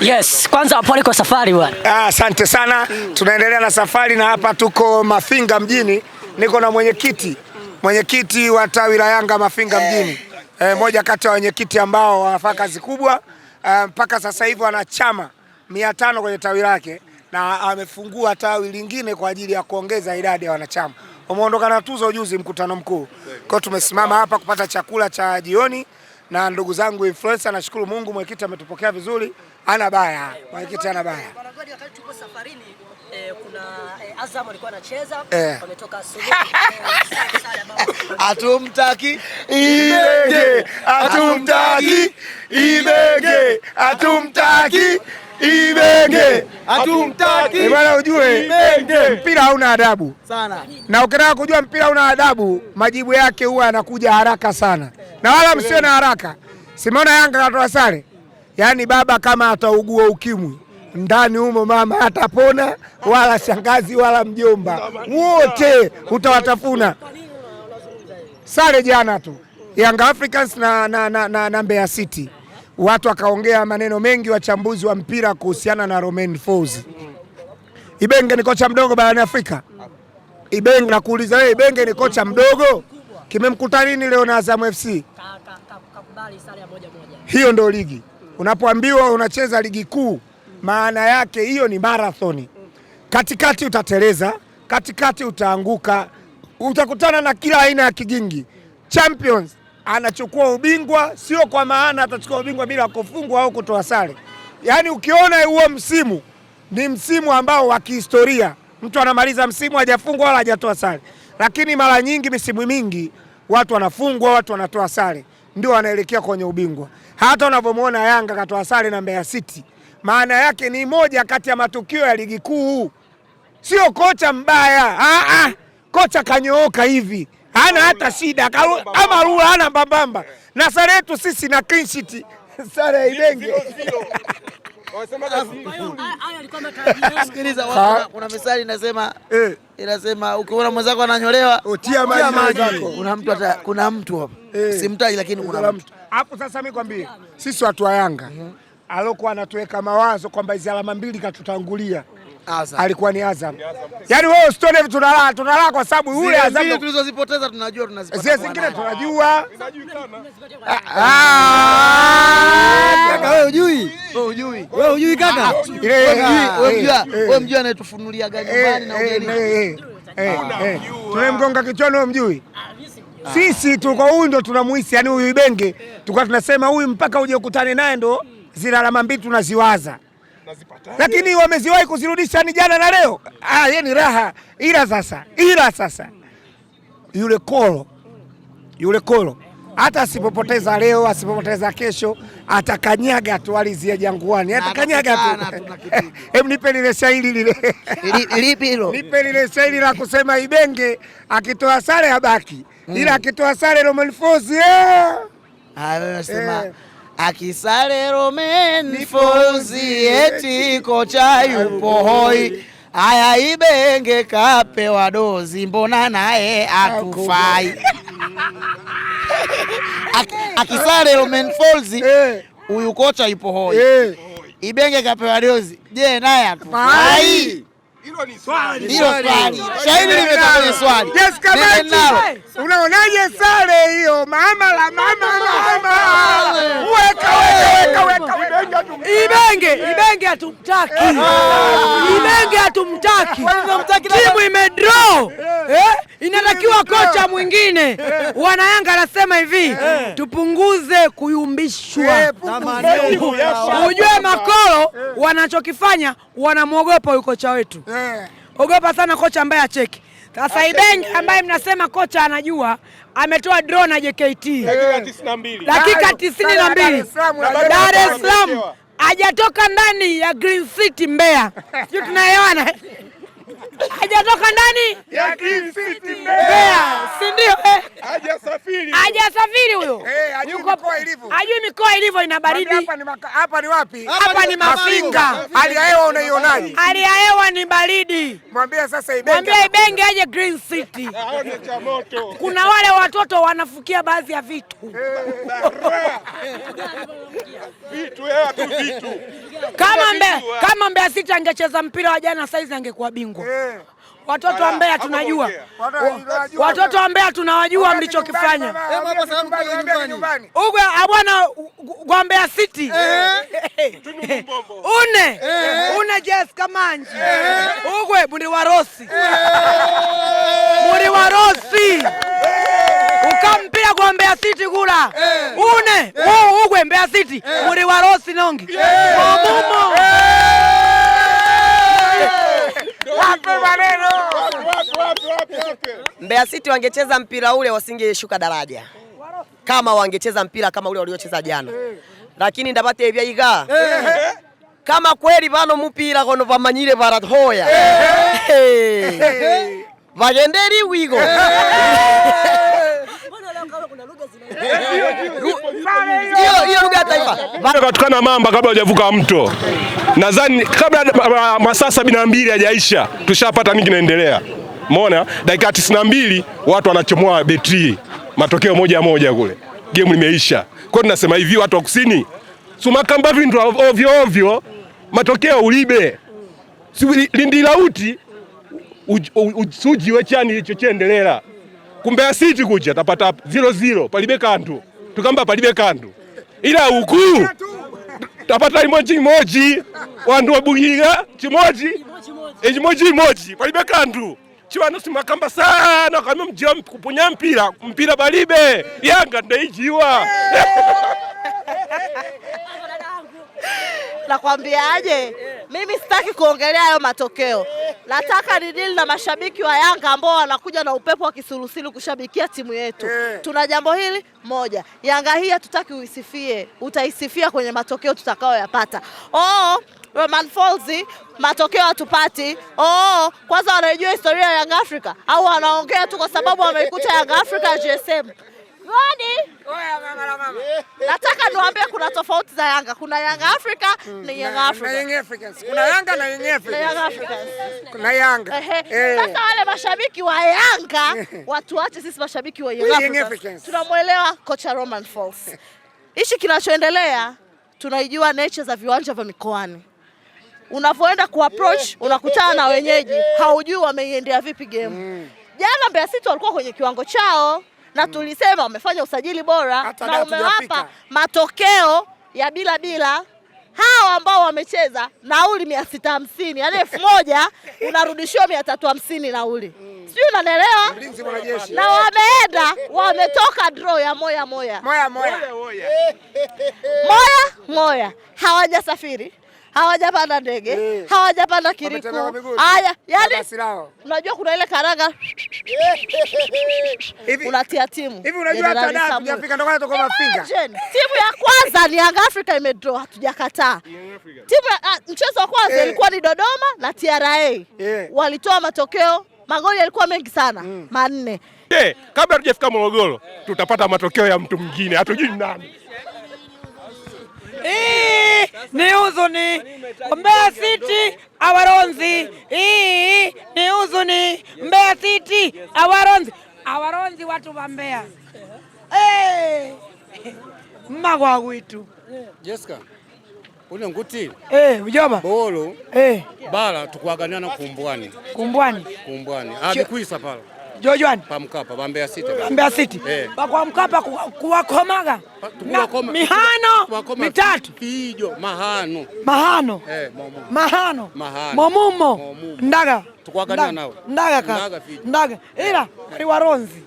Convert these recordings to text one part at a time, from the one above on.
Yes, kwanza wapole kwa safari bwana. Ah, asante sana. Tunaendelea na safari na hapa tuko Mafinga mjini. Niko na mwenyekiti mwenyekiti wa tawi la Yanga Mafinga mjini. Eh, moja kati ya wenyekiti ambao wanafanya kazi kubwa eh, mpaka sasa hivi wana chama mia tano kwenye tawi lake na amefungua tawi lingine kwa ajili ya kuongeza idadi ya wanachama. Umeondoka na tuzo juzi mkutano mkuu. Kwa hiyo tumesimama hapa kupata chakula cha jioni na ndugu zangu influencer, nashukuru Mungu, mwenyekiti ametupokea vizuri, ana baya mwenyekiti, ana baya Atumtaki Ibenge, atumtaki Ibenge, atumtaki, Ibenge hatumtaki eh, bwana. Ujue mpira hauna adabu sana, na ukitaka kujua mpira hauna adabu, majibu yake huwa yanakuja haraka sana, na wala msiwe na haraka. simona Yanga katoa sare, yaani baba kama ataugua ukimwi ndani humo mama atapona, wala shangazi wala mjomba, wote utawatafuna. Sare jana tu Yanga Africans na, na, na, na, na Mbeya City watu wakaongea maneno mengi, wachambuzi wa mpira kuhusiana na Romain Folz. Ibenge ni kocha mdogo barani Afrika. Ibenge nakuuliza wewe, Ibenge ni kocha mdogo, kimemkuta nini leo na Azam FC? Hiyo ndio ligi. Unapoambiwa unacheza ligi kuu, maana yake hiyo ni marathoni. Katikati utateleza, katikati utaanguka, utakutana na kila aina ya kigingi. Champions anachukua ubingwa, sio kwa maana atachukua ubingwa bila kufungwa au kutoa sare. Yaani ukiona huo msimu ni msimu ambao wa kihistoria, mtu anamaliza msimu hajafungwa wala hajatoa sare, lakini mara nyingi misimu mingi watu wanafungwa, watu wanatoa sare, ndio wanaelekea kwenye ubingwa. Hata unavyomwona Yanga katoa sare na Mbeya City, maana yake ni moja kati ya matukio ya ligi kuu. Sio kocha mbaya, ah, ah, kocha kanyooka hivi hana hata shida, kama Lula hana mbambamba eh. na sare yetu sisi na clean sheet, sare ya Ibenge. Ah, kuna misali inasema eh. inasema ukiona mwenzako ananyolewa oh, tia maji. Kuna mtu hata kuna mtu hapa eh. simtaji, lakini kuna mtu hapo. Sasa mimi kwambie, sisi watu wa Yanga mhm. alokuwa anatuweka mawazo kwamba hizi alama mbili katutangulia Azam. Alikuwa ni Azam. Yaani wewe usione vitu na tunalala, tunalala kwa sababu yule Azam. Zile tulizozipoteza tunajua tunazipata. Zile zingine tunajua. Ah, ah. Kaka wewe ah. hujui? Wewe hujui. Wewe hujui kaka? Ile Wewe eh, eh, eh, wewe mjui anayetufunulia gani nyumbani na ugeni. Tunamgonga kichwani wewe mjui? Sisi tuko huyu ndo tunamuhisi, yani huyu Ibenge tulikuwa tunasema huyu mpaka uje ukutane naye ndo hmm. zilalama mbili tunaziwaza lakini wameziwahi kuzirudisha ni jana na leo. Ah, ye ni raha. Ila sasa, ila sasa yule kolo, yule kolo hata asipopoteza leo, asipopoteza kesho, atakanyaga tu alizia ya Jangwani, atakanyaga tu. Hebu nipe lile shairi lile, lipi hilo? Nipe lile shairi la kusema Ibenge akitoa sare abaki, hmm. ila akitoa sare Roman Force, eh! ah anasema akisarero menfozi eti kocha yupo hoi aya ibenge kapewa dozi mbona naye atufai akisarero menfozi eh. huyu kocha yupo hoi eh. ibenge kapewa dozi je naye atufai hilo ni swali hilo swali shairi limekaa kwenye swali Unaonaje sare hiyo? Mama la mama mama, weka weka weka weka. Ibenge Ibenge hatumtaki, eh. Ibenge hatumtaki. Timu imedraw eh, eh? inatakiwa kocha mwingine. Eh. wana yanga anasema hivi, tupunguze kuyumbishwa. Ujue makolo wanachokifanya, wanamwogopa huyu kocha wetu. Ogopa sana kocha ambaye acheki sasa Ibenge ambaye mnasema kocha anajua ametoa draw na JKT dakika tisini na mbili Dar es Salaam, hajatoka ndani ya Green City Mbeya, sijui tunaelewana hajatoka ndani ya King City Mbeya, si ndio? Eh? Hajasafiri, hajasafiri huyo, eh, hajui mikoa ilivyo, ina baridi. Hapa ni wapi? Hapa ni Mafinga. Hali ya hewa unaionaje? Hali ya hewa ni baridi. Mwambie sasa Ibenge, mwambie Ibenge aje Green City. Kuna wale watoto wanafukia baadhi ya vitu eh, vitu, hewa tu vitu kama Mbeya, kama Mbeya City angecheza mpira wa jana saizi angekuwa bingwa. Eh. Watoto wa Mbeya tunajua, watoto wa Mbeya tunawajua mlichokifanya Ugwe abwana kwa Mbeya City eh. une eh. une jes kamanji Ugwe muri warosi muri Rossi kampira kwa Mbeya City kula eh, une eh, ugwe Mbeya City eh, muli Rossi nongi eh, omumo eh. eh. Mbeya City wangecheza mpira ule wasingeshuka daraja kama wangecheza mpira kama ule waliocheza jana, eh. lakini ndapate ebyaiga kama kweli vano mupira kono vamanyire varatoya vagenderi wigo hiyo lugha ya taifa. Bado katukana mamba kabla hujavuka mto. Nadhani kabla masaa sabini na mbili hajaisha tushapata nini kinaendelea. Umeona, dakika tisini na mbili watu wanachomoa betri, matokeo moja moja kule, game limeisha. Kwa hiyo tunasema hivi, watu wa kusini sumakamba vindu ovyo ovyo, matokeo ulibe si lindilauti usujiwechani icho chendelela kumbea siti kuja tapata ziro ziro palibe kandu tukamba palibe kandu ila uku tapata imoji imoji wandu wabugika chimoji e, imoji imoji palibe kandu chiwanu simakamba sana kama mjiwa kupunya mpira mpira palibe yanga ndeijiwa nakwambiaje mimi sitaki kuongelea hayo matokeo, nataka ni dili na mashabiki wa Yanga ambao wanakuja na upepo wa kisulusulu kushabikia timu yetu. Eh. Tuna jambo hili moja, Yanga hii hatutaki uisifie, utaisifia kwenye matokeo tutakayoyapata. Oh, Roman Falls matokeo hatupati. Oh, kwanza wanaijua historia ya Yanga Africa au wanaongea tu kwa sababu wameikuta Yanga Africa GSM Nataka niwaambie kuna tofauti za Yanga. Kuna Yanga Africa na Yanga Africans. Kuna Yanga na Yanga Africans. Kuna Yanga. Eh. Sasa wale mashabiki wa Yanga watuache sisi mashabiki wa Yanga Africans. Tunamwelewa kocha Roman Falls. Hichi kinachoendelea tunaijua nature za viwanja vya mikoani. Unavyoenda kuapproach unakutana na wenyeji, haujui wameiendea vipi game. Mm. Jana Mbeya City walikuwa kwenye kiwango chao na mm. tulisema wamefanya usajili bora Hata na umewapa matokeo ya bila bila hawa ambao wamecheza nauli mia sita hamsini yaani elfu moja unarudishiwa mia tatu hamsini nauli mm. Sijui unanielewa, na wameenda wametoka draw ya moya moya moya moya moya, moya hawajasafiri hawajapanda ndege yeah. hawajapanda kiriku haya, yani unajua kuna ile karanga unatia timu hivi, unajua timu ya kwanza ni Yanga Africa imedraw, hatujakataa timu ya ah, mchezo wa kwanza eh. ilikuwa ni Dodoma na TRA yeah. walitoa matokeo magoli yalikuwa mengi sana mm. manne. Hey, eh, kabla hatujafika Morogoro tutapata matokeo ya mtu mwingine, hatujui nani. Hii ni huzuni, Mbeya City awaronzi. Hii ni huzuni, Mbeya City awaronzi, awaronzi watu wa Mbeya mmagwa gwitu Jessica une nguti eh ujoba bolo eh bala tukuaganiana kumbwani kumbwani kumbwani adikwisa ah, pala Jojwani pa Mkapa Mbeya City ba Mbeya City eh, kwa Mkapa kuwakomaga mihano mitatu pijo mahano eh, mahano mahano momumo ndaga tukwagana nao ndaga ka ndaga ila ali waronzi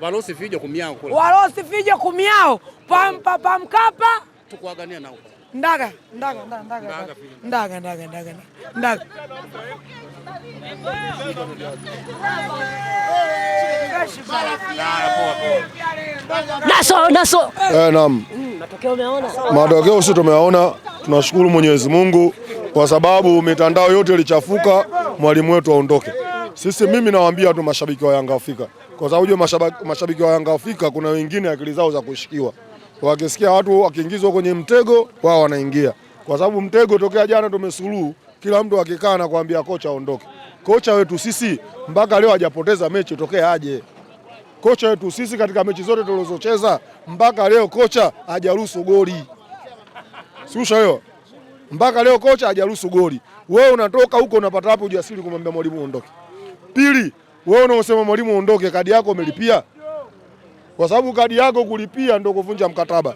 walosi fijo kumiao kule walosi fijo kumiao eh. pa Mkapa tukwagania nao Ndaga, ndaga, ndaga, ndaga, ndaga, ndaga, ndaga, ndaga. Naso, Eh, naam. Matokeo umeona? Matokeo sisi tumeona, tunashukuru Mwenyezi Mungu kwa sababu mitandao yote ilichafuka, mwalimu wetu aondoke. Sisi mimi nawaambia tu mashabiki wa Yanga Afrika, kwa sababu mashabiki wa Yanga Afrika kuna wengine akili zao za kushikiwa wakisikia watu wakiingizwa kwenye mtego wao wanaingia, kwa sababu mtego tokea jana tumesuluhu, kila mtu akikaa na kuambia kocha aondoke. Kocha wetu sisi mpaka leo hajapoteza mechi tokea aje. Kocha wetu sisi katika mechi zote tulizocheza mpaka leo kocha hajaruhusu goli, siushaelewa mpaka leo kocha hajaruhusu goli. Wewe unatoka huko unapata wapi ujasiri kumwambia mwalimu aondoke? Pili, wewe unaosema mwalimu aondoke, kadi yako umelipia? kwa sababu kadi yako kulipia ndio kuvunja mkataba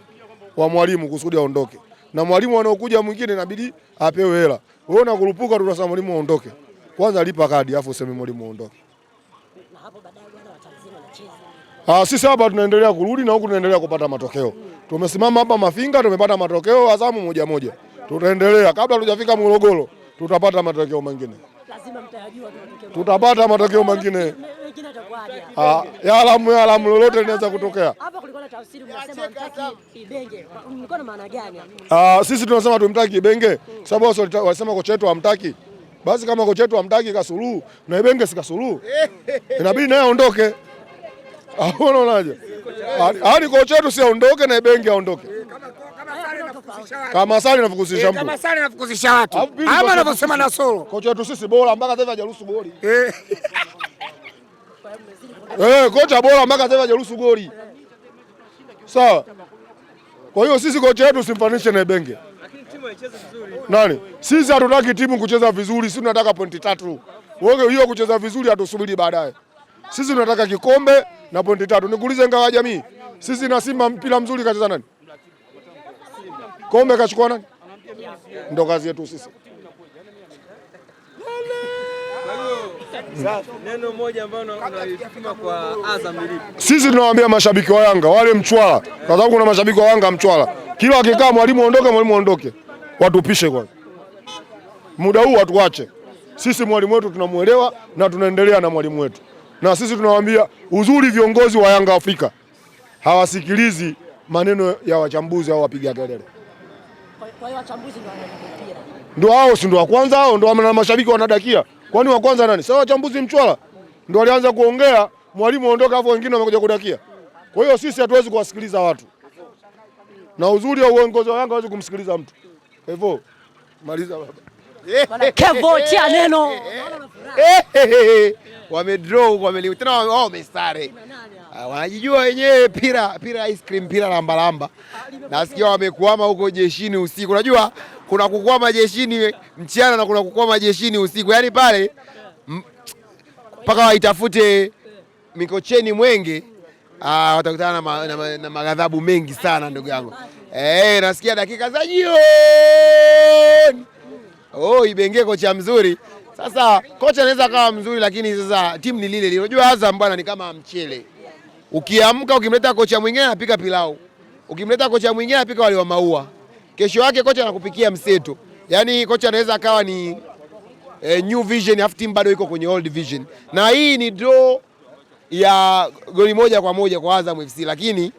wa mwalimu kusudi aondoke, na mwalimu anaokuja mwingine inabidi apewe hela. Wewe unakurupuka, unasema mwalimu aondoke. Kwanza lipa kadi, afu useme mwalimu aondoke. Ah, sisi hapa tunaendelea kurudi na huku tunaendelea kupata matokeo. Tumesimama hapa Mafinga, tumepata matokeo Azamu moja moja, tutaendelea kabla tujafika Morogoro, tutapata matokeo mengine, tutapata matokeo mengine. Ah, ya alamu ya alamu lolote linaweza kutokea. Hapa kulikuwa na tafsiri mnasema mtaki Ibenge. Mko na maana gani? Ah, sisi tunasema tumtaki Ibenge sababu wao wanasema kocha wetu hamtaki. Basi kama kocha wetu hamtaki kasuluhu na Ibenge sikasuluhu. Inabidi naye aondoke. Ah, unaonaje? Hadi yaani, yaani kocha wetu si aondoke na Ibenge aondoke. Kama sare inafukusisha eh, mtu. Kama sare inafukusisha watu. Ama anavyosema na solo. Kocha wetu sisi bora mpaka sasa hajaruhusu goli. Eh. eh, kocha bora mpaka sasa hajaruhusu goli sawa. Kwa hiyo sisi kocha wetu usimfanishe na Ibenge. Nani? Sisi hatutaki timu kucheza vizuri, sisi tunataka pointi tatu. Wewe hiyo kucheza vizuri hatusubiri baadaye. Sisi tunataka kikombe na pointi tatu. Nikuulize ngawa Jamii, sisi na Simba mpira mzuri kacheza nani? Kombe kachukua nani? Ndio kazi yetu sisi. Neno moja ambalo kwa Azam Sisi tunawaambia mashabiki wa Yanga wale mchwala, kwa sababu kuna mashabiki wa Yanga mchwala, kila wakikaa mwalimu aondoke, mwalimu aondoke, watupishe kwanza, muda huu watuache sisi. Mwalimu wetu tunamwelewa na tunaendelea na mwalimu wetu, na sisi tunawaambia uzuri, viongozi wa Yanga Afrika hawasikilizi maneno ya wachambuzi au wapiga kelele. Kwa hiyo wachambuzi ndio wao, si ndio wa kwanza hao, ndio mashabiki wanadakia Kwani wa kwanza nani? Sawa, wachambuzi mchwala ndio walianza kuongea mwalimu aondoka, afu wengine wamekuja kudakia. Kwa hiyo sisi hatuwezi kuwasikiliza watu, na uzuri wa uongozi wa Yanga hawezi kumsikiliza mtu. Hivyo maliza baba Kevo cha neno wamedraw, wameliwa tena, wao wamestare, ah, wanajijua wenyewe. Pira pira ice cream, pira lambalamba, nasikia wamekwama huko jeshini usiku, unajua kuna kukua majeshini mchana na kuna kukua majeshini usiku, yaani pale mpaka waitafute Mikocheni Mwenge. Ah, watakutana na, ma, na, na maghadhabu mengi sana ndugu yangu. Eh, nasikia dakika za jioni. Oh, Ibenge kocha mzuri. Sasa kocha anaweza kawa mzuri lakini sasa timu ni lile lile. Unajua Azam bwana ni kama mchele. Ukiamka ukimleta kocha mwingine anapika pilau. Ukimleta kocha mwingine anapika wali wa maua. Kesho yake kocha anakupikia mseto, yaani kocha anaweza akawa ni e, new vision half team bado iko kwenye old vision, na hii ni draw ya goli moja kwa moja kwa Azam FC, lakini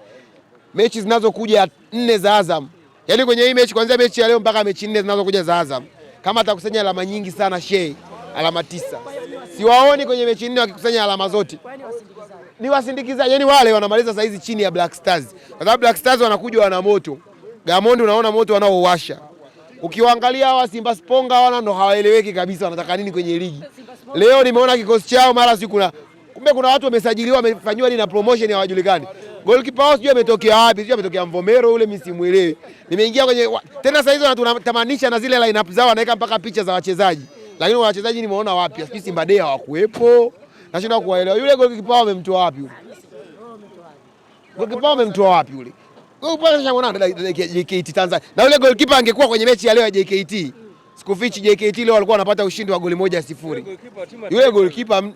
mechi zinazokuja nne za Azam, yaani kwenye hii mechi kuanzia mechi ya leo mpaka mechi nne zinazokuja za Azam, kama atakusanya alama nyingi sana she alama tisa, siwaoni kwenye mechi nne wakikusanya alama zote. Ni wasindikizaji, yaani wale wanamaliza saizi chini ya Black Stars, kwa sababu Black Stars wanakuja wana moto Gamondi, unaona moto wanaowasha. Ukiwaangalia hawa Simba Sponga wana ndo hawaeleweki kabisa, wanataka nini kwenye ligi. Leo nimeona kikosi chao mara si kuna kumbe kuna watu wamesajiliwa wamefanywa nini na promotion hawajulikani. Goalkeeper wao sijui ametokea wapi, sijui ametokea Mvomero ule mimi simuelewi. Nimeingia kwenye tena sasa hizo tunatamanisha na zile lineup zao wanaweka mpaka picha za wachezaji. Lakini wachezaji nimeona wapi? Sijui Simba Day hawakuepo. Nashinda kuwaelewa. Yule goalkeeper wao amemtoa wapi Goalkeeper wao amemtoa wapi yule? JKT Tanzania. Na yule goalkeeper angekuwa kwenye mechi ya leo ya JKT. Sikufichi JKT leo walikuwa wanapata ushindi wa goli moja sifuri. Yule goalkeeper